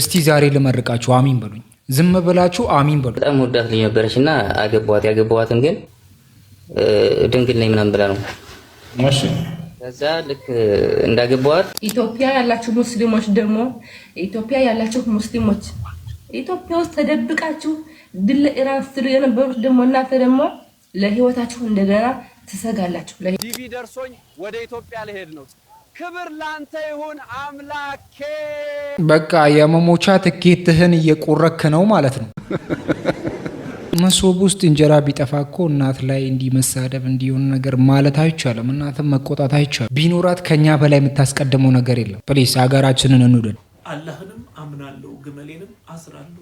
እስቲ ዛሬ ልመርቃችሁ አሚን በሉኝ። ዝም ብላችሁ አሚን በሉ። በጣም ወዳት ልጅ ነበረች እና አገባዋት። ያገባዋትን ግን ድንግል ነኝ ምናምን ብላ ነው። ከዛ ልክ እንዳገባዋት ኢትዮጵያ ያላችሁ ሙስሊሞች ደግሞ ኢትዮጵያ ያላችሁ ሙስሊሞች ኢትዮጵያ ውስጥ ተደብቃችሁ ድል ኢራን ስትሉ የነበሩት ደግሞ እናንተ ደግሞ ለህይወታችሁ እንደገና ትሰጋላችሁ። ዲቪ ደርሶኝ ወደ ኢትዮጵያ ልሄድ ነው ክብር ላንተ ይሁን አምላኬ። በቃ የመሞቻ ትኬትህን እየቆረክ ነው ማለት ነው። መሶብ ውስጥ እንጀራ ቢጠፋ እኮ እናት ላይ እንዲህ መሳደብ እንዲሆን ነገር ማለት አይቻልም። እናትም መቆጣት አይቻልም። ቢኖራት ከኛ በላይ የምታስቀድመው ነገር የለም። ፕሊስ ሀገራችንን እንውደድ። አላህንም አምናለሁ ግመሌንም አስራለሁ።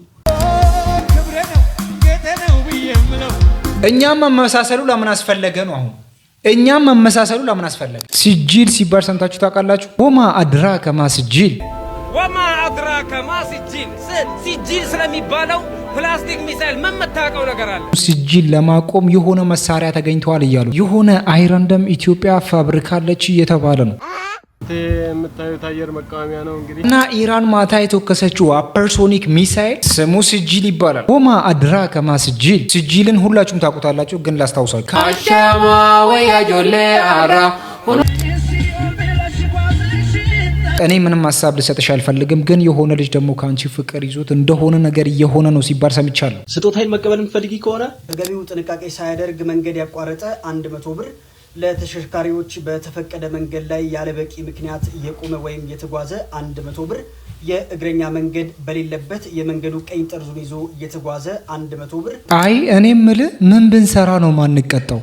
ነው ነው ብዬ እኛም መመሳሰሉ ለምን አስፈለገ ነው አሁን እኛም መመሳሰሉ ለምን አስፈለገ? ሲጅል ሲባል ሰምታችሁ ታውቃላችሁ? ወማ አድራ ከማ ሲጅል ወማ አድራ ከማ ሲጅል ሲጅል ስለሚባለው ፕላስቲክ ሚሳይል መመታቀው ነገር አለ? ሲጅል ለማቆም የሆነ መሳሪያ ተገኝተዋል እያሉ የሆነ አይረንደም ኢትዮጵያ ፋብሪካለች እየተባለ ነው የምታዩት አየር መቃወሚያ ነው እንግዲህ እና ኢራን ማታ የተወከሰችው አፐርሶኒክ ሚሳይል ስሙ ስጅል ይባላል። ወማ አድራ ከማ ስጅል ስጅልን ሁላችሁም ታውቁታላችሁ፣ ግን ላስታውሳችሁ ወያጆሌ አራ እኔ ምንም ሀሳብ ልሰጥሽ አልፈልግም፣ ግን የሆነ ልጅ ደግሞ ከአንቺ ፍቅር ይዞት እንደሆነ ነገር እየሆነ ነው ሲባል ሰምቻለሁ። ስጦታይን መቀበል የምትፈልጊ ከሆነ ተገቢው ጥንቃቄ ሳያደርግ መንገድ ያቋረጠ አንድ መቶ ብር ለተሽከርካሪዎች በተፈቀደ መንገድ ላይ ያለበቂ ምክንያት የቆመ ወይም የተጓዘ አንድ መቶ ብር የእግረኛ መንገድ በሌለበት የመንገዱ ቀኝ ጠርዙን ይዞ እየተጓዘ አንድ መቶ ብር። አይ እኔ ምል ምን ብንሰራ ነው ማንቀጠው?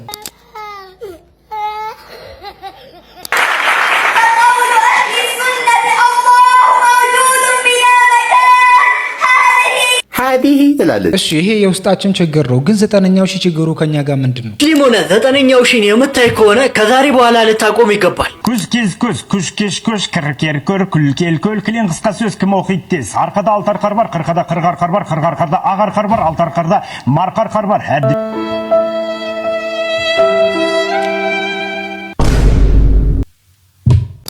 ሀዲህ ትላለች። እሺ ይሄ የውስጣችን ችግር ነው፣ ግን ዘጠነኛው ሺ ችግሩ ከኛ ጋር ምንድን ነው? ሊሞነ ዘጠነኛው ሺ የምታይ ከሆነ ከዛሬ በኋላ ልታቆም ይገባል። ኩስኪስኩስ ኩሽኪሽኩሽ ክርኬርኩር ኩልኬልኩል ክሊን ቅስቀሱስ ክመውኪቴስ አርቀዳ алтር ቀርባር ቅርቀዳ ቅርቃር ቀርባር ቅርቃር ቀርዳ አቀር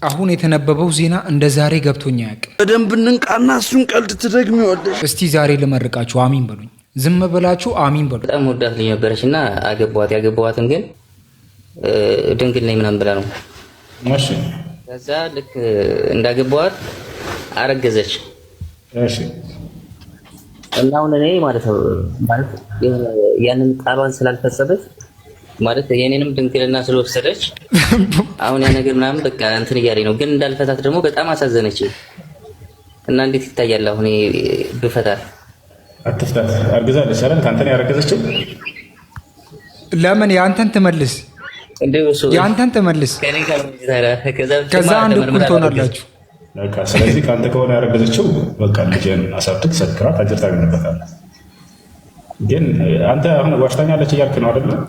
አሁን የተነበበው ዜና እንደ ዛሬ ገብቶኛ ያቅ በደንብ እንንቃና እሱን ቀልድ ትደግሚዋለሽ። እስቲ ዛሬ ልመርቃችሁ፣ አሚን በሉኝ። ዝም ብላችሁ አሚን በሉ። በጣም ወዳት ልኝ ነበረች እና አገባዋት። ያገባዋትን ግን ድንግል ነኝ ምናምን ብላ ነው። ከዛ ልክ እንዳገባዋት አረገዘች እና አሁን እኔ ማለት ነው ያንን ቃሏን ስላልፈጸመች ማለት የኔንም ድንግልና ስለወሰደች አሁን ያ ነገር ምናምን በቃ እንትን እያለኝ ነው። ግን እንዳልፈታት ደግሞ በጣም አሳዘነች እና እንዴት ይታያል አሁን ብፈታት? አትፍታት። አርግዛለች አለ ከአንተን ያረገዘችው ለምን የአንተን ትመልስ የአንተን ትመልስ፣ ከዛ አንድ እኩል ትሆናላችሁ። ስለዚህ ከአንተ ከሆነ ያረገዘችው በቃ ልጅን አሳብትክ ሰክራ ታጀር ታገኝበታለህ። ግን አንተ አሁን ዋሽታኛለች እያልክ ነው አደለም?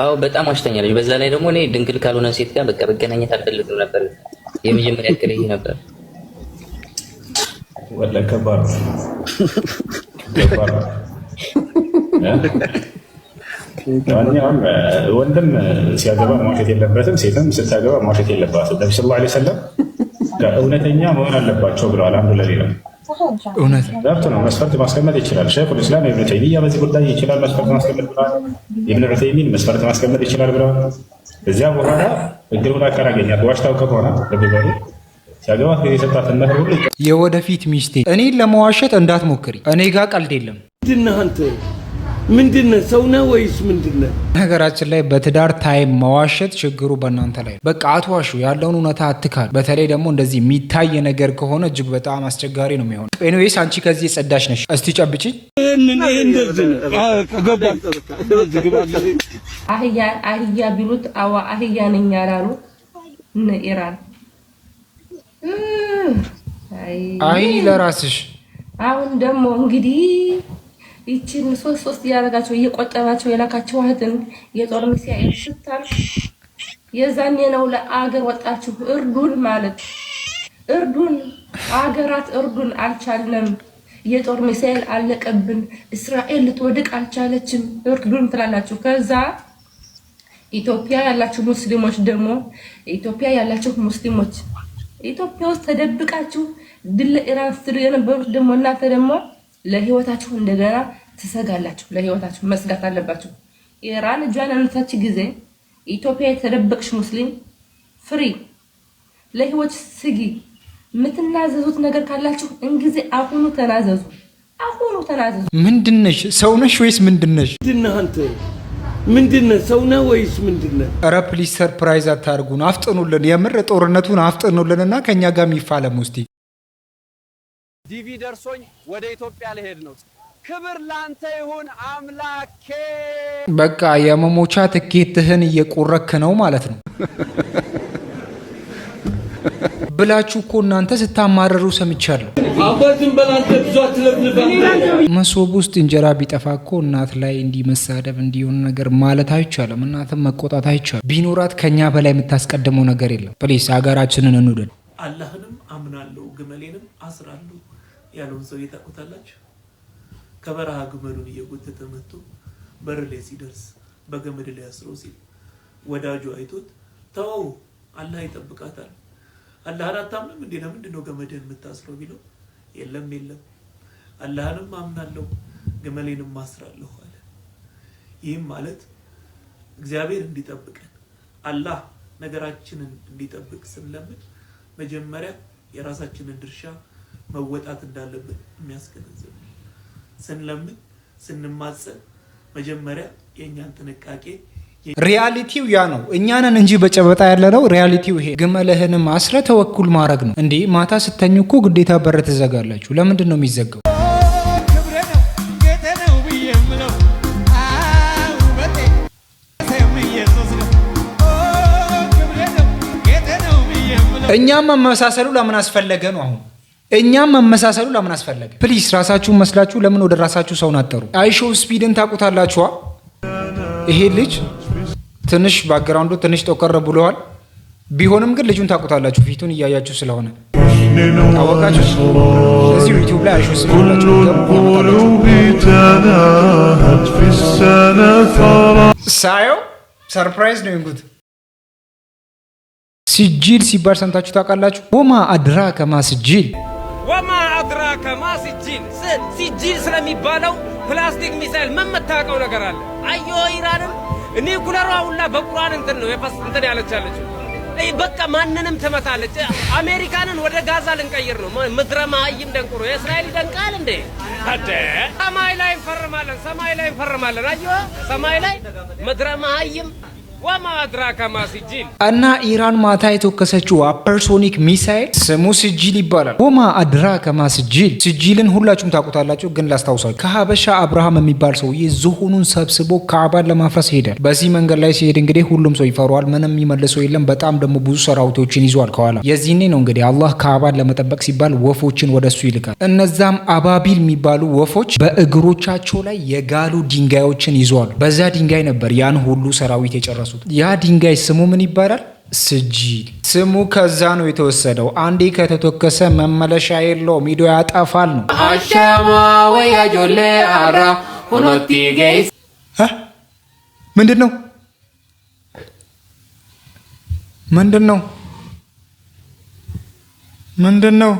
አዎ በጣም ዋሽተኛ ዋሽተኛለች። በዛ ላይ ደግሞ እኔ ድንግል ካልሆነ ሴት ጋር በቃ መገናኘት አልፈልግም ነበር። የመጀመሪያ እቅድ ይሄ ነበር። ወላሂ ከባድ ወንድም ሲያገባ መዋሸት የለበትም፣ ሴትም ስታገባ መዋሸት የለባትም። ነቢ ስለ ላ ሰለም ከእውነተኛ መሆን አለባቸው ብለዋል አንዱ ለሌላው እውነት ነው። መስፈርት ማስቀመጥ ይችላል። ሸይኹል ኢስላም ኢብኑ ተይሚያ በዚህ ጉዳይ ይችላል መስፈርት ማስቀመጥ ብለዋል። ኢብኑ ዑሰይሚን መስፈርት ማስቀመጥ ይችላል ብለዋል። እዚያ በኋላ እድሉን አካል አገኛት ዋሽታው ከሆነ ለብዛሪ ሲያገባት ጊዜ የሰጣትን መህር ሁሉ የወደፊት ሚስቴ እኔን ለመዋሸት እንዳትሞክሪ፣ እኔ ጋር ቀልድ የለም ድናንት ምንድነው? ሰው ነህ ወይስ ምንድነው? ነገራችን ላይ በትዳር ታይም መዋሸት ችግሩ በእናንተ ላይ ነው። በቃ አትዋሹ፣ ያለውን እውነታ አትካል። በተለይ ደግሞ እንደዚህ የሚታይ ነገር ከሆነ እጅግ በጣም አስቸጋሪ ነው የሚሆነው። ኤኒዌይስ አንቺ ከዚህ የጸዳሽ ነሽ። እስቲ ጨብጭኝ። አህያ ቢሉት አዋ አህያ ነኝ ያላሉ እነ ኢራን አይ ለራስሽ አሁን ደግሞ እንግዲህ ይቺን ሶስት ሶስት እያደረጋቸው እየቆጠባቸው የላካቸው የላካችኋትን የጦር ሚሳኤል ስታልፍ የዛኔ ነው ለአገር ወጣችሁ እርዱን ማለት እርዱን። አገራት እርዱን አልቻለም። የጦር ሚሳኤል አለቀብን። እስራኤል ልትወድቅ አልቻለችም። እርዱን ትላላችሁ። ከዛ ኢትዮጵያ ያላችሁ ሙስሊሞች ደግሞ ኢትዮጵያ ያላችሁ ሙስሊሞች ኢትዮጵያ ውስጥ ተደብቃችሁ ድል ኢራን ስትሉ የነበሩት ደግሞ እናንተ ደግሞ ለህይወታችሁ እንደገና ትሰጋላችሁ። ለህይወታችሁ መስጋት አለባችሁ። ኢራን እጇን ያነሳች ጊዜ ኢትዮጵያ የተደበቅሽ ሙስሊም ፍሪ፣ ለህይወት ስጊ። የምትናዘዙት ነገር ካላችሁ እንጊዜ አሁኑ ተናዘዙ። አሁኑ ተናዘዙ። ምንድነሽ? ሰውነሽ ወይስ ምንድነሽ? ምንድነህ አንተ ምንድነ ሰው ሰውነህ ወይስ ምንድነ? ኧረ ፕሊዝ ሰርፕራይዝ አታርጉን፣ አፍጥኑልን። የምር ጦርነቱን አፍጥኑልንና ከእኛ ጋር የሚፋለም ውስጥ ዲቪ ደርሶኝ ወደ ኢትዮጵያ ልሄድ ነው። ክብር ላንተ ይሁን አምላኬ። በቃ የመሞቻ ትኬትህን እየቆረክ ነው ማለት ነው ብላችሁ እኮ እናንተ ስታማረሩ ሰምቻለሁ። መሶብ ውስጥ እንጀራ ቢጠፋ እኮ እናት ላይ እንዲመሳደብ እንዲሆን ነገር ማለት አይቻልም። እናትም መቆጣት አይቻልም። ቢኖራት ከኛ በላይ የምታስቀድመው ነገር የለም። ፕሊስ ሀገራችንን እንውደድ። አላህንም አምናለሁ፣ ግመሌንም አስራለሁ ያለውን ሰው ታውቁታላችሁ? ከበረሃ ግመሉን እየጎተተ መጥቶ በር ላይ ሲደርስ በገመድ ላይ አስሮ ሲል ወዳጁ አይቶት ተው አላህ ይጠብቃታል፣ አላህን አታምንም እንዴ? ለምንድን ነው ገመድህን የምታስረው ቢለው የለም የለም አላህንም አምናለሁ ግመሌንም ማስራለሁ አለ። ይህም ማለት እግዚአብሔር እንዲጠብቀን አላህ ነገራችንን እንዲጠብቅ ስንለምን መጀመሪያ የራሳችንን ድርሻ መወጣት እንዳለብን የሚያስገነዝብ ስንለምን ስንማጸን መጀመሪያ የእኛን ጥንቃቄ ሪያሊቲው ያ ነው። እኛንን እንጂ በጨበጣ ያለነው ሪያሊቲው ይሄ። ግመልህንም አስረ ተወኩል ማድረግ ነው። እንዲህ ማታ ስተኝ እኮ ግዴታ በር ትዘጋላችሁ። ለምንድን ነው የሚዘጋው? እኛም መመሳሰሉ ለምን አስፈለገ ነው አሁን እኛም መመሳሰሉ ለምን አስፈለገ? ፕሊስ ራሳችሁን መስላችሁ ለምን ወደ ራሳችሁ ሰውን አጠሩ? አይሾ ስፒድን ታውቁታላችኋ። ይሄ ልጅ ትንሽ ባክግራውንዱ ትንሽ ጦቀረ ብለዋል። ቢሆንም ግን ልጁን ታውቁታላችሁ ፊቱን እያያችሁ ስለሆነ ታወቃችሁ። እዚሁ ዩቲዩብ ላይ ሳየው ሰርፕራይዝ ነው ንጉት ስጅል ሲባል ሰምታችሁ ታውቃላችሁ? ወማ አድራ ከማ ስጅል ወማ አድራከ ማ ሲጂል ሲጂል ስለሚባለው ፕላስቲክ ሚሳይል ምን ነገር አለ? አዮ ኢራንም ኒኩለሯ ሁላ በቁርአን እንትን ነው የፈስ እንትን ያለች በቃ ማንንም ትመታለች። አሜሪካንን ወደ ጋዛ ልንቀይር ነው። ምድረ መሀይም ደንቁሮ የእስራኤል ይደንቃል እንዴ? አደ ሰማይ ላይ እንፈርማለን፣ ሰማይ ላይ እንፈርማለን። አየዋ ሰማይ ላይ ምድረ መሀይም እና ኢራን ማታ የተወከሰችው አፐርሶኒክ ሚሳይል ስሙ ስጅል ይባላል። ወማ ከማ ስጅል። ስጅልን ሁላችሁም ታውቁታላችሁ፣ ግን ላስታውሳችሁ። ከሀበሻ አብርሃም የሚባል ሰውዬ ዝሆኑን ሰብስቦ ካዕባን ለማፍረስ ሄደ። በዚህ መንገድ ላይ ሲሄድ እንግዲህ ሁሉም ሰው ይፈሯል። ምንም የሚመልሰው የለም። በጣም ደግሞ ብዙ ሰራዊቶችን ይዟል ከኋላ። የዚህኔ ነው እንግዲህ አላህ ካዕባን ለመጠበቅ ሲባል ወፎችን ወደሱ ይልካል። እነዛም አባቢል የሚባሉ ወፎች በእግሮቻቸው ላይ የጋሉ ድንጋዮችን ይዘዋል። በዛ ድንጋይ ነበር ያን ሁሉ ሰራዊት የጨረሱ ያደረሱት። ያ ድንጋይ ስሙ ምን ይባላል? ስጂል ስሙ ከዛ ነው የተወሰደው። አንዴ ከተተከሰ መመለሻ የለውም፣ ሂዶ ያጠፋል ነው። አሻማ ወያ ጆሌ አራ ሁኖቲ ገይስ ምንድን ነው ምንድን ነው ምንድን ነው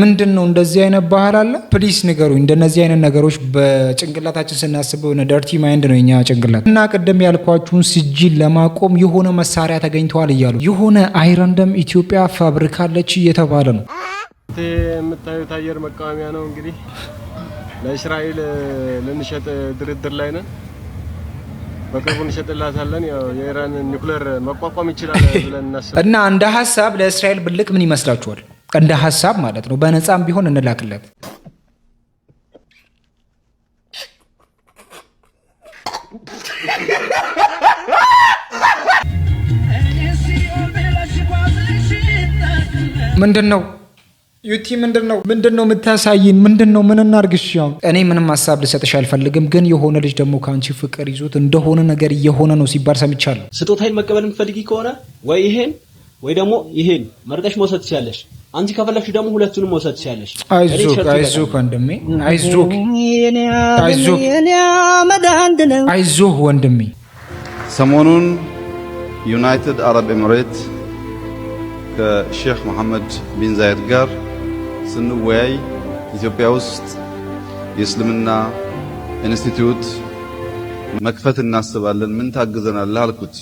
ምንድን ነው እንደዚህ አይነት ባህል አለ? ፕሊስ ንገሩኝ። እንደነዚህ አይነት ነገሮች በጭንቅላታችን ስናስበው ነ ደርቲ ማይንድ ነው የኛ ጭንቅላት እና ቅድም ያልኳችሁን ስጅል ለማቆም የሆነ መሳሪያ ተገኝተዋል እያሉ የሆነ አይረንደም ኢትዮጵያ ፋብሪካለች እየተባለ ነው። የምታዩት አየር መቃወሚያ ነው እንግዲህ ለእስራኤል ልንሸጥ ድርድር ላይ ነን። በቅርቡ እንሸጥላታለን። የኢራን ኒውክሌር መቋቋም ይችላል ብለን እናስብ እና እንደ ሀሳብ ለእስራኤል ብልቅ ምን ይመስላችኋል? እንደ ሀሳብ ማለት ነው። በነፃም ቢሆን እንላክለት። ምንድን ነው ዩቲ? ምንድን ነው ምንድን ነው የምታሳይን? ምንድን ነው ምን እናርግሽ? እኔ ምንም ሀሳብ ልሰጥሽ አልፈልግም፣ ግን የሆነ ልጅ ደግሞ ከአንቺ ፍቅር ይዞት እንደሆነ ነገር እየሆነ ነው ሲባል ሰምቻለሁ። ስጦታይን መቀበል የምትፈልጊ ከሆነ ወይ ይሄን ወይ ደግሞ ይሄን መርጠሽ መውሰድ ትችያለሽ። አንቺ ከፈለግሽ ደግሞ ሁለቱንም መውሰድ ሲያለሽ፣ አይዞክ አይዞክ ወንድሜ፣ አይዞክ አይዞህ ወንድሜ። ሰሞኑን ዩናይትድ አረብ ኤምሬት ከሼክ መሐመድ ቢን ዛይድ ጋር ስንወያይ ኢትዮጵያ ውስጥ የእስልምና ኢንስቲትዩት መክፈት እናስባለን፣ ምን ታግዘናለህ አልኩት።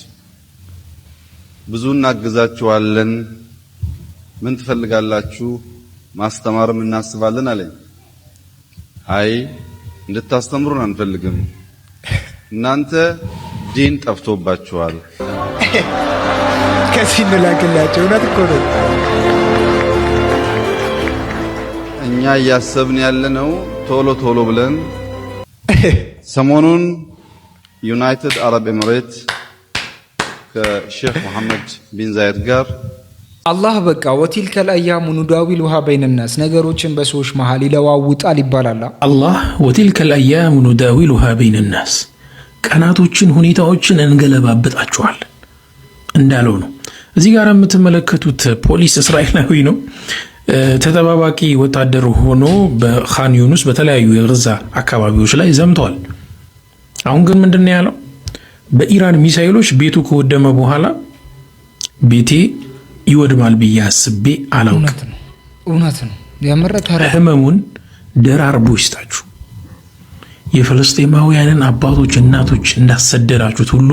ብዙ እናግዛችኋለን ምን ትፈልጋላችሁ? ማስተማርም እናስባለን አለኝ። አይ እንድታስተምሩን አንፈልግም፣ እናንተ ዲን ጠፍቶባችኋል። ከዚህ እንላክላቸው። እውነት እኮ ነው። እኛ እያሰብን ያለ ነው ቶሎ ቶሎ ብለን ሰሞኑን ዩናይትድ አረብ ኤምሬት ከሼክ መሐመድ ቢን ዛይድ ጋር አላህ በቃ ወቲልከል አያሙ ኑዳዊል ውሃ በይንናስ ነገሮችን በሰዎች መሃል ይለዋውጣል ይባላል። አላህ ወቲልከል አያሙ ኑዳዊል ውሃ በይንናስ ቀናቶችን፣ ሁኔታዎችን እንገለባበጣቸዋለን እንዳለው ነው። እዚህ ጋር የምትመለከቱት ፖሊስ እስራኤላዊ ነው። ተጠባባቂ ወታደር ሆኖ በኻን ዩኑስ በተለያዩ የጋዛ አካባቢዎች ላይ ዘምተዋል። አሁን ግን ምንድን ነው ያለው? በኢራን ሚሳይሎች ቤቱ ከወደመ በኋላ ቤቴ ይወድማል ብዬ አስቤ አላውቅም። እውነት ነው። ህመሙን ደራርቦ ይስጣችሁ። የፍልስጤማውያንን አባቶች፣ እናቶች እንዳሰደዳችሁት ሁሉ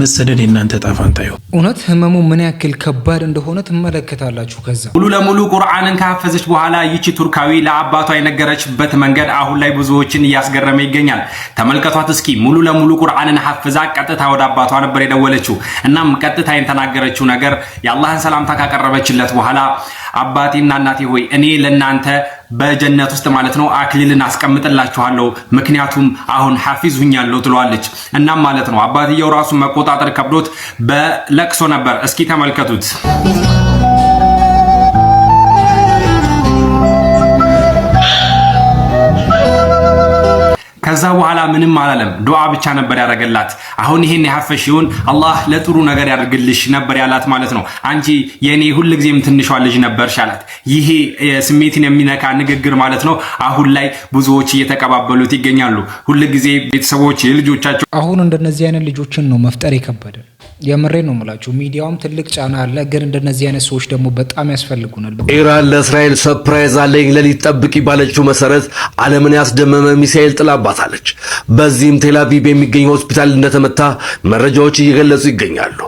መሰደድ የእናንተ ዕጣ ይሁን። እውነት ህመሙ ምን ያክል ከባድ እንደሆነ ትመለከታላችሁ። ከዛ ሙሉ ለሙሉ ቁርአንን ካፈዘች በኋላ ይቺ ቱርካዊ ለአባቷ የነገረችበት መንገድ አሁን ላይ ብዙዎችን እያስገረመ ይገኛል። ተመልከቷት እስኪ። ሙሉ ለሙሉ ቁርአንን ሀፍዛ ቀጥታ ወደ አባቷ ነበር የደወለችው። እናም ቀጥታ የተናገረችው ነገር የአላህን ሰላምታ ካቀረበችለት በኋላ አባቴና እናቴ ሆይ እኔ ለእናንተ በጀነት ውስጥ ማለት ነው አክሊልን አስቀምጥላችኋለሁ ምክንያቱም አሁን ሐፊዝ ሁኛለሁ ትለዋለች። እናም ማለት ነው አባትየው ራሱን መቆጣጠር ከብዶት በለቅሶ ነበር። እስኪ ተመልከቱት። ምንም አላለም። ዱዓ ብቻ ነበር ያደረገላት። አሁን ይሄን ያፈሽውን አላህ ለጥሩ ነገር ያደርግልሽ ነበር ያላት ማለት ነው። አንቺ የኔ ሁልጊዜም ትንሿ ልጅ ነበርሽ አላት። ይሄ ስሜትን የሚነካ ንግግር ማለት ነው። አሁን ላይ ብዙዎች እየተቀባበሉት ይገኛሉ። ሁልጊዜ ቤተሰቦች ልጆቻቸው አሁን እንደነዚህ አይነት ልጆችን ነው መፍጠር የከበደ የምሬ ነው የምላችሁ። ሚዲያውም ትልቅ ጫና አለ፣ ግን እንደነዚህ አይነት ሰዎች ደግሞ በጣም ያስፈልጉናል። ኢራን ለእስራኤል ሰፕራይዝ አለኝ ለሊት ጠብቂ ባለችው መሰረት ዓለምን ያስደመመ ሚሳኤል ጥላባታለች። በዚህም ቴላቪቭ የሚገኝ ሆስፒታል እንደተመታ መረጃዎች እየገለጹ ይገኛሉ።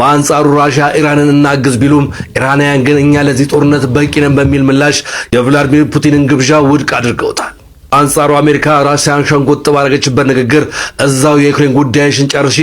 በአንጻሩ ራሽያ ኢራንን እናግዝ ቢሉም ኢራናውያን ግን እኛ ለዚህ ጦርነት በቂ ነን በሚል ምላሽ የቭላዲሚር ፑቲንን ግብዣ ውድቅ አድርገውታል። አንጻሩ አሜሪካ ራሲያን ሸንጎጥ ባረገችበት ንግግር እዛው የዩክሬን ጉዳይሽን ጨርሺ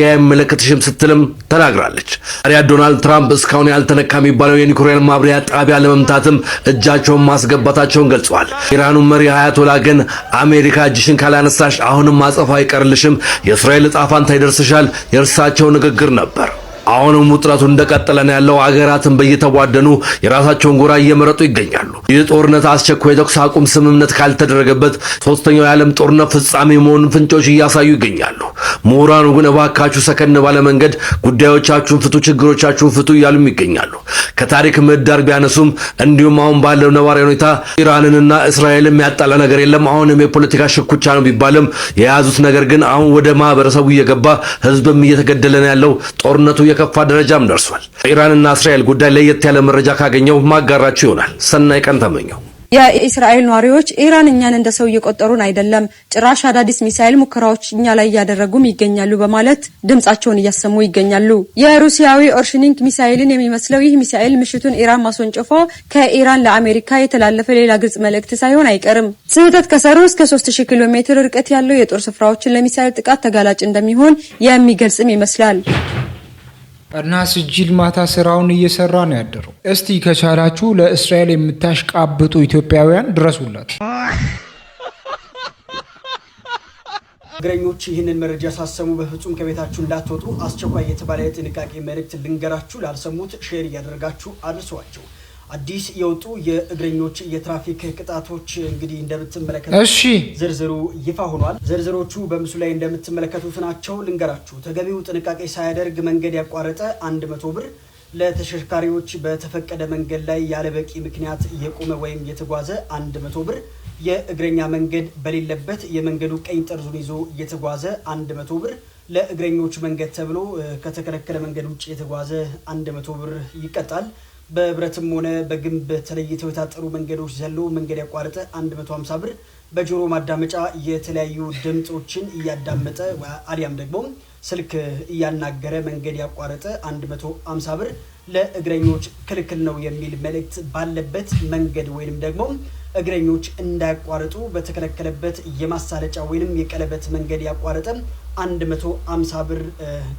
የማይመለከትሽም ስትልም ተናግራለች። ታዲያ ዶናልድ ትራምፕ እስካሁን ያልተነካ የሚባለው የዩክሬን ማብሪያ ጣቢያ ለመምታትም እጃቸውን ማስገባታቸውን ገልጸዋል። ኢራኑ መሪ አያቶላ ግን አሜሪካ እጅሽን ካላነሳሽ አሁንም አጸፋ አይቀርልሽም፣ የእስራኤል እጣ ፋንታ ይደርስሻል የእርሳቸው ንግግር ነበር። አሁንም ውጥረቱ እንደቀጠለ ነው ያለው። አገራትን በየተቧደኑ የራሳቸውን ጎራ እየመረጡ ይገኛሉ። ይህ ጦርነት አስቸኳይ የተኩስ አቁም ስምምነት ካልተደረገበት ሶስተኛው የዓለም ጦርነት ፍጻሜ መሆኑን ፍንጮች እያሳዩ ይገኛሉ። ምሁራኑ ግን እባካችሁ ሰከን ባለ መንገድ ጉዳዮቻችሁን ፍቱ፣ ችግሮቻችሁን ፍቱ እያሉም ይገኛሉ። ከታሪክ ምህዳር ቢያነሱም እንዲሁም አሁን ባለው ነባራዊ ሁኔታ ኢራንንና እስራኤልን ያጣላ ነገር የለም። አሁንም የፖለቲካ ሽኩቻ ነው ቢባልም የያዙት ነገር ግን አሁን ወደ ማህበረሰቡ እየገባ ህዝብም እየተገደለ ነው ያለው ጦርነቱ ከፋ ደረጃም ደርሷል። ኢራንና እስራኤል ጉዳይ ለየት ያለ መረጃ ካገኘው ማጋራችሁ ይሆናል። ሰናይ ቀን ተመኘው። የእስራኤል ነዋሪዎች ኢራን እኛን እንደ ሰው እየቆጠሩን አይደለም፣ ጭራሽ አዳዲስ ሚሳኤል ሙከራዎች እኛ ላይ እያደረጉም ይገኛሉ በማለት ድምጻቸውን እያሰሙ ይገኛሉ። የሩሲያዊ ኦርሽኒንግ ሚሳኤልን የሚመስለው ይህ ሚሳኤል ምሽቱን ኢራን ማስወንጭፎ ከኢራን ለአሜሪካ የተላለፈ ሌላ ግልጽ መልእክት ሳይሆን አይቀርም። ስህተት ከሰሩ እስከ 3000 ኪሎ ሜትር ርቀት ያለው የጦር ስፍራዎችን ለሚሳኤል ጥቃት ተጋላጭ እንደሚሆን የሚገልጽም ይመስላል። እና ስጅል ማታ ስራውን እየሰራ ነው ያደረው። እስቲ ከቻላችሁ ለእስራኤል የምታሽቃብጡ ኢትዮጵያውያን ድረሱላት። እግረኞች ይህንን መረጃ ሳሰሙ በፍጹም ከቤታችሁ እንዳትወጡ አስቸኳይ የተባለ የጥንቃቄ መልእክት ልንገራችሁ። ላልሰሙት ሼር እያደረጋችሁ አድርሰዋቸው። አዲስ የወጡ የእግረኞች የትራፊክ ቅጣቶች እንግዲህ እንደምትመለከቱ እሺ፣ ዝርዝሩ ይፋ ሆኗል። ዝርዝሮቹ በምስሉ ላይ እንደምትመለከቱት ናቸው። ልንገራችሁ፣ ተገቢው ጥንቃቄ ሳያደርግ መንገድ ያቋረጠ አንድ መቶ ብር፣ ለተሽከርካሪዎች በተፈቀደ መንገድ ላይ ያለበቂ ምክንያት የቆመ ወይም የተጓዘ አንድ መቶ ብር፣ የእግረኛ መንገድ በሌለበት የመንገዱ ቀኝ ጠርዙን ይዞ የተጓዘ አንድ መቶ ብር፣ ለእግረኞች መንገድ ተብሎ ከተከለከለ መንገድ ውጭ የተጓዘ አንድ መቶ ብር ይቀጣል። በብረትም ሆነ በግንብ ተለይተው የታጠሩ መንገዶች ዘሎ መንገድ ያቋረጠ 150 ብር በጆሮ ማዳመጫ የተለያዩ ድምፆችን እያዳመጠ አሊያም ደግሞ ስልክ እያናገረ መንገድ ያቋረጠ 150 ብር ለእግረኞች ክልክል ነው የሚል መልእክት ባለበት መንገድ ወይንም ደግሞ እግረኞች እንዳያቋርጡ በተከለከለበት የማሳለጫ ወይንም የቀለበት መንገድ ያቋረጠ 150 ብር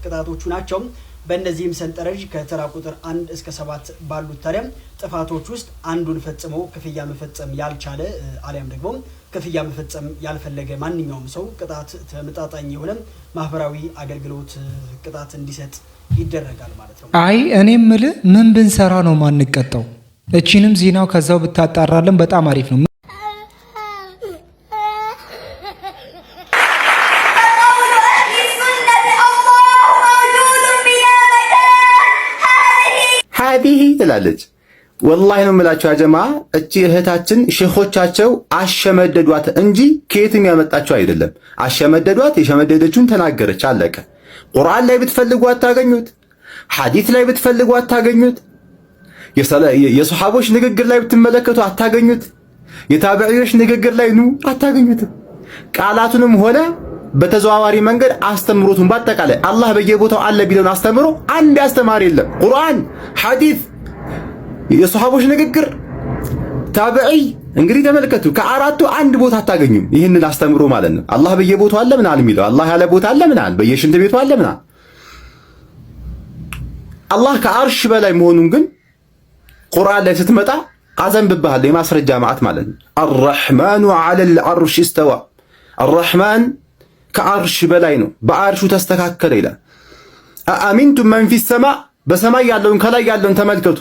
ቅጣቶቹ ናቸው። በእነዚህም ሰንጠረዥ ከተራ ቁጥር አንድ እስከ ሰባት ባሉት ታዲያም ጥፋቶች ውስጥ አንዱን ፈጽሞ ክፍያ መፈጸም ያልቻለ አሊያም ደግሞ ክፍያ መፈጸም ያልፈለገ ማንኛውም ሰው ቅጣት ተመጣጣኝ የሆነ ማህበራዊ አገልግሎት ቅጣት እንዲሰጥ ይደረጋል ማለት ነው። አይ እኔ ምል ምን ብንሰራ ነው ማንቀጠው? እቺንም ዜናው ከዛው ብታጣራለን በጣም አሪፍ ነው። ትላለች። ወላሂ ነው የምላቸው አጀማ እቺ እህታችን ሼኾቻቸው አሸመደዷት እንጂ ከየትም ያመጣቸው አይደለም። አሸመደዷት፣ የሸመደደችውን ተናገረች፣ አለቀ። ቁርአን ላይ ብትፈልጉ አታገኙት፣ ሐዲት ላይ ብትፈልጉ አታገኙት፣ የሰሓቦች ንግግር ላይ ብትመለከቱ አታገኙት፣ የታቢዒዎች ንግግር ላይ ኑ አታገኙትም። ቃላቱንም ሆነ በተዘዋዋሪ መንገድ አስተምሮቱን በአጠቃላይ አላህ በየቦታው አለ ቢለውን አስተምሮ አንድ አስተማሪ የለም። ቁርአን ሐዲት የሰሃቦች ንግግር ታብዒ እንግዲህ ተመልከቱ፣ ከአራቱ አንድ ቦታ አታገኙም። ይህንን አስተምሮ ማለት ነው። አላህ በየቦታው አለ ምናል የሚለው አላህ ያለ ቦታ አለ ምናል፣ በየሽንት ቤቱ አለ ምናል። አላህ ከአርሽ በላይ መሆኑን ግን ቁርአን ላይ ስትመጣ አዘንብብሃል። የማስረጃ ማዓት ማለት ነው። አርረሕማኑ ዐለል ዐርሽ እስተዋ፣ አርረሕማን ከአርሽ በላይ ነው፣ በአርሹ ተስተካከለ ይላል። አአሚንቱም መን ሰማ፣ በሰማይ ያለውን ከላይ ያለውን ተመልከቱ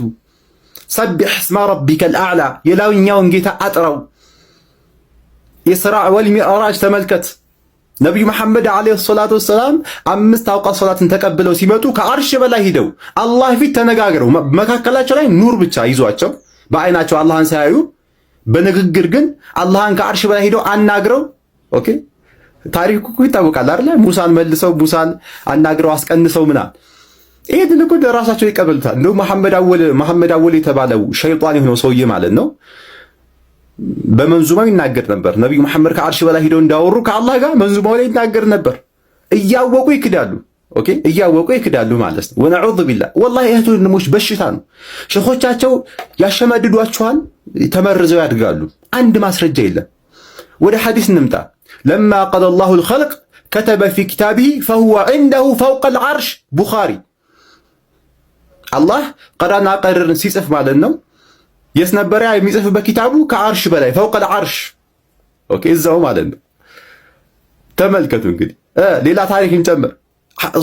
ሰቢሕ ስማ ረቢከል አዕላ የላይኛውን ጌታ አጥረው የኢስራእ ወል ሚዕራጅ ተመልከት። ነቢዩ መሐመድ ዓለይሂ ሰላቱ ወሰላም አምስት አውቃት ሶላትን ተቀብለው ሲመጡ ከአርሽ በላይ ሂደው አላህ ፊት ተነጋግረው መካከላቸው ላይ ኑር ብቻ ይዟቸው በአይናቸው አላህን ሳያዩ በንግግር ግን አላህን ከአርሽ በላይ ሂደው አናግረው። ኦኬ ታሪኩ ይታወቃል አይደለ? ሙሳን መልሰው ሙሳን አናግረው አስቀንሰው ምናምን ይሄንን እኮ ለራሳቸው ይቀበሉታል። እንደው መሐመድ አወል መሐመድ አወል የተባለው ሸይጣን የሆነው ሰውዬ ማለት ነው በመንዙማው ይናገር ነበር። ነቢዩ መሐመድ ከአርሽ በላይ ሂደው እንዳወሩ ከአላህ ጋር መንዙማው ላይ ይናገር ነበር። እያወቁ ይክዳሉ። ኦኬ እያወቁ ይክዳሉ ማለት ነው። ወነዑዙ ቢላ ወላሂ እህት ወንድሞች በሽታ ነው። ሸኾቻቸው ያሸመድዷቸዋል፣ ተመርዘው ያድጋሉ። አንድ ማስረጃ የለም። ወደ ሐዲስ እንምጣ። ለማ ቀደ አላሁ ልኸልቅ ከተበ ፊ ኪታቢሂ ፈሁወ ዐንደሁ ፈውቀል ዐርሽ ቡኻሪ አላህ ቀዳና ቀድርን ሲጽፍ ማለት ነው የት ያ የሚጽፍበት ኪታቡ? ከአርሽ በላይ ፈውቀል አርሽ ኦኬ፣ እዛው ማለት ነው። ተመልከቱ እንግዲህ ሌላ ታሪክም ጨምር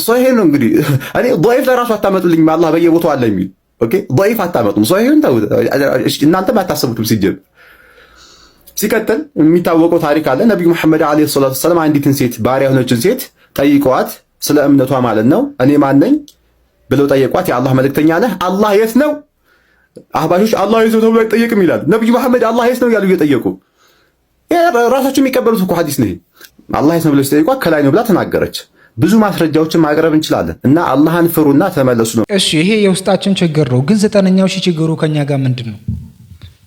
ሶሄ ነው እንግዲህ እኔ ዶይፍ ለራሱ አታመጡልኝም። አላህ በየቦታው አለ የሚል ኦኬ፣ ዶይፍ አታመጡም። ሶሄን እናንተም አታስቡትም ሲጀምር። ሲቀጥል የሚታወቀው ታሪክ አለ። ነቢዩ መሐመድ ዓለይሂ ሰላቱ ወሰላም አንዲትን ሴት ባሪያ የሆነችን ሴት ጠይቀዋት ስለ እምነቷ ማለት ነው እኔ ማን ነኝ ብለው ጠየቋት። የአላህ መልእክተኛ ነህ፣ አላህ የት ነው? አህባሾች አላህ የት ነው ተብሎ አይጠየቅም ይላል። ነብዩ መሐመድ አላህ የት ነው እያሉ እየጠየቁ ራሳቸው የሚቀበሉት እኮ ሐዲስ ነው። አላህ የት ነው ብለው ሲጠይቋት ከላይ ነው ብላ ተናገረች። ብዙ ማስረጃዎችን ማቅረብ እንችላለን እና አላህን ፍሩና ተመለሱ ነው። እሺ ይሄ የውስጣችን ችግር ነው፣ ግን ዘጠነኛው ሺህ ችግሩ ከኛ ጋር ምንድን ነው?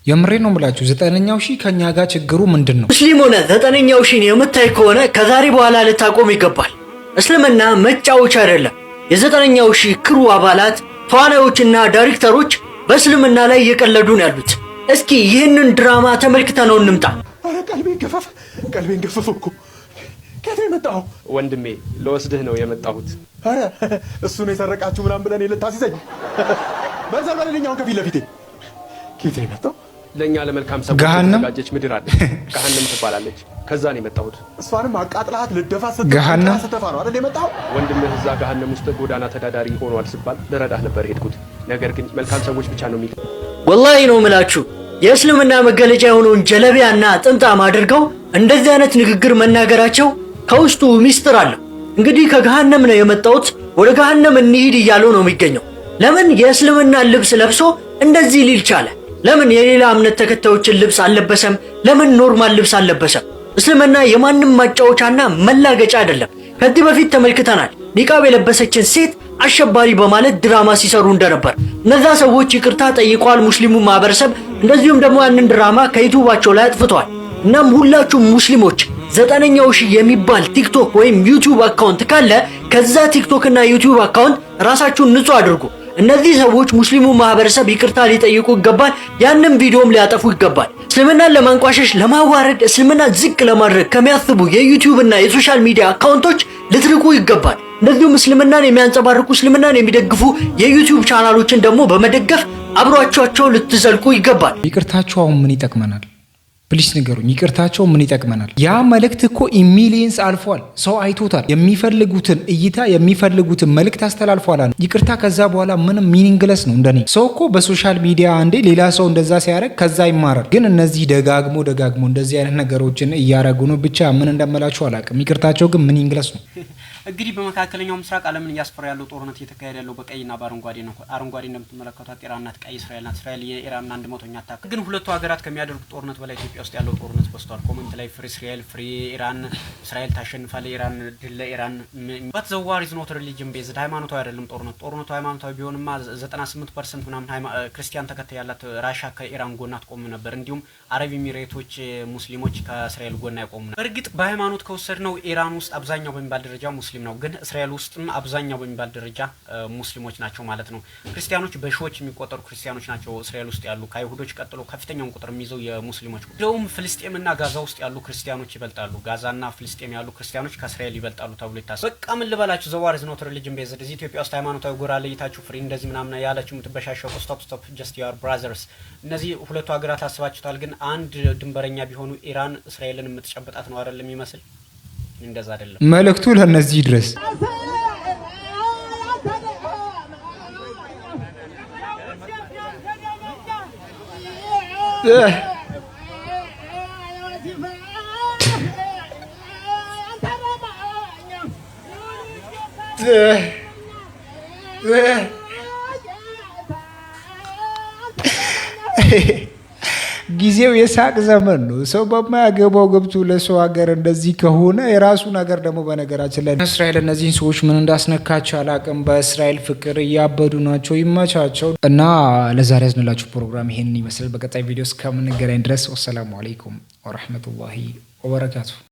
የምሬ ነው ብላችሁ ዘጠነኛው ሺህ ከኛ ጋር ችግሩ ምንድን ነው? ሙስሊም ሆነ ዘጠነኛው ሺህ የምታይ ከሆነ ከዛሬ በኋላ ልታቆም ይገባል። እስልምና መጫወቻ አይደለም። የዘጠነኛው ሺህ ክሩ አባላት ተዋናዮችና ዳይሬክተሮች በእስልምና ላይ እየቀለዱ ነው ያሉት። እስኪ ይህንን ድራማ ተመልክተ ነው እንምጣ። ኧረ ቀልቤን ገፈፍ ቀልቤን ገፈፍ እኮ ከየት የመጣው ወንድሜ? ለወስድህ ነው የመጣሁት። አረ እሱ ነው የሰረቃችሁ ምናምን ብለን የለታሲዘኝ በዛ በሌለኛውን ከፊት ለፊቴ ከየት የመጣው ለእኛ ለመልካም ሰው ጋጀች ምድር አለ፣ ገሃነም ትባላለች። ከዛ ነው የመጣሁት። እሷንም አቃጥላት ልደፋ ስተፋ ነው አይደል የመጣሁት። ወንድምህ እዛ ገሃነም ውስጥ ጎዳና ተዳዳሪ ሆኗል ሲባል ልረዳህ ነበር ሄድኩት ነገር ግን መልካም ሰዎች ብቻ ነው የሚል ወላሂ ነው ምላችሁ። የእስልምና መገለጫ የሆነውን ጀለቢያና ጥምጣም አድርገው እንደዚህ አይነት ንግግር መናገራቸው ከውስጡ ሚስጥር አለው። እንግዲህ ከገሃነም ነው የመጣሁት፣ ወደ ገሃነም እንሂድ እያለው ነው የሚገኘው። ለምን የእስልምና ልብስ ለብሶ እንደዚህ ሊል ቻለ? ለምን የሌላ እምነት ተከታዮችን ልብስ አልለበሰም? ለምን ኖርማል ልብስ አልለበሰም? እስልምና የማንም ማጫወቻና መላገጫ አይደለም። ከዚህ በፊት ተመልክተናል። ኒቃብ የለበሰችን ሴት አሸባሪ በማለት ድራማ ሲሰሩ እንደነበር እነዛ ሰዎች ይቅርታ ጠይቀዋል። ሙስሊሙ ማህበረሰብ እንደዚሁም ደግሞ ያንን ድራማ ከዩቱባቸው ላይ አጥፍተዋል። እናም ሁላችሁም ሙስሊሞች ዘጠነኛው ሺህ የሚባል ቲክቶክ ወይም ዩቲዩብ አካውንት ካለ ከዛ ቲክቶክ ዩቲዩብ አካውንት ራሳችሁን ንጹህ አድርጉ። እነዚህ ሰዎች ሙስሊሙ ማህበረሰብ ይቅርታ ሊጠይቁ ይገባል። ያንም ቪዲዮም ሊያጠፉ ይገባል። እስልምናን ለማንቋሸሽ፣ ለማዋረድ፣ እስልምና ዝቅ ለማድረግ ከሚያስቡ የዩቲዩብ እና የሶሻል ሚዲያ አካውንቶች ልትርቁ ይገባል። እንደዚሁም እስልምናን የሚያንጸባርቁ እስልምናን የሚደግፉ የዩቲዩብ ቻናሎችን ደግሞ በመደገፍ አብሯቸዋቸው ልትዘልቁ ይገባል። ይቅርታቸው አሁን ምን ይጠቅመናል? ፕሊስ ንገሩኝ፣ ይቅርታቸው ምን ይጠቅመናል? ያ መልእክት እኮ ኢሚሊየንስ አልፏል። ሰው አይቶታል። የሚፈልጉትን እይታ የሚፈልጉትን መልእክት አስተላልፏል። ይቅርታ ከዛ በኋላ ምንም ሚኒንግለስ ነው። እንደኔ ሰው እኮ በሶሻል ሚዲያ አንዴ ሌላ ሰው እንደዛ ሲያደርግ ከዛ ይማራል። ግን እነዚህ ደጋግሞ ደጋግሞ እንደዚህ አይነት ነገሮችን እያረጉ ነው። ብቻ ምን እንደምላችሁ አላውቅም። ይቅርታቸው ግን ሚኒንግለስ ነው። እንግዲህ በመካከለኛው ምስራቅ ዓለምን እያስፈራ ያለው ጦርነት እየተካሄደ ያለው በቀይና በአረንጓዴ ነው። አረንጓዴ እንደምትመለከቷት ኢራንናት ቀይ እስራኤል ናት። እስራኤል የኢራን አንድ መቶኛ አታክ ግን ሁለቱ ሀገራት ከሚያደርጉት ጦርነት በላይ ኢትዮጵያ ውስጥ ያለው ጦርነት በስቷል። ኮመንት ላይ ፍሪ እስራኤል፣ ፍሪ ኢራን፣ እስራኤል ታሸንፋለ፣ ኢራን ድል ለኢራን በት ዘዋር ኢዝ ኖት ሪሊጅን ቤዝድ ሃይማኖታዊ አይደለም ጦርነት ጦርነቱ ሃይማኖታዊ ቢሆንማ ዘጠና ስምንት ፐርሰንት ምናምን ክርስቲያን ተከታይ ያላት ራሻ ከኢራን ጎና ትቆም ነበር። እንዲሁም አረብ ኤሚሬቶች ሙስሊሞች ከእስራኤል ጎና አይቆሙ ነበር። በእርግጥ በሃይማኖት ከወሰድ ነው ኢራን ውስጥ አብዛኛው በሚባል ደረጃ ሙስሊም ሙስሊም ነው። ግን እስራኤል ውስጥም አብዛኛው በሚባል ደረጃ ሙስሊሞች ናቸው ማለት ነው። ክርስቲያኖች በሺዎች የሚቆጠሩ ክርስቲያኖች ናቸው እስራኤል ውስጥ ያሉ፣ ከአይሁዶች ቀጥሎ ከፍተኛውን ቁጥር የሚይዘው የሙስሊሞች። እንደውም ፍልስጤምና ጋዛ ውስጥ ያሉ ክርስቲያኖች ይበልጣሉ። ጋዛና ፍልስጤም ያሉ ክርስቲያኖች ከእስራኤል ይበልጣሉ ተብሎ ይታሰብ። በቃ ምን ልበላችሁ ዘዋሪዝ ኖት ሪሊጅን ቤዝድ እዚህ ኢትዮጵያ ውስጥ ሃይማኖታዊ ጎራ ለይታችሁ ፍሪ እንደዚህ ምናምን ያላችሁ የምትበሻሸቁ ስቶፕ ስቶፕ ጀስት ዩር ብራዘርስ። እነዚህ ሁለቱ ሀገራት አስባችሁታል። ግን አንድ ድንበረኛ ቢሆኑ ኢራን እስራኤልን የምትጨብጣት ነው አይደለም ይመስል መልእክቱ ለእነዚህ ድረስ። Yeah. ጊዜው የሳቅ ዘመን ነው። ሰው በማያገባው ገብቶ ለሰው ሀገር እንደዚህ ከሆነ የራሱ ነገር ደግሞ በነገራችን ላይ እስራኤል እነዚህን ሰዎች ምን እንዳስነካቸው አላቅም። በእስራኤል ፍቅር እያበዱ ናቸው። ይመቻቸው እና ለዛሬ ያዝንላችሁ ፕሮግራም ይሄንን ይመስላል። በቀጣይ ቪዲዮ እስከምንገናኝ ድረስ ወሰላሙ አለይኩም ወረህመቱላሂ ወበረካቱ።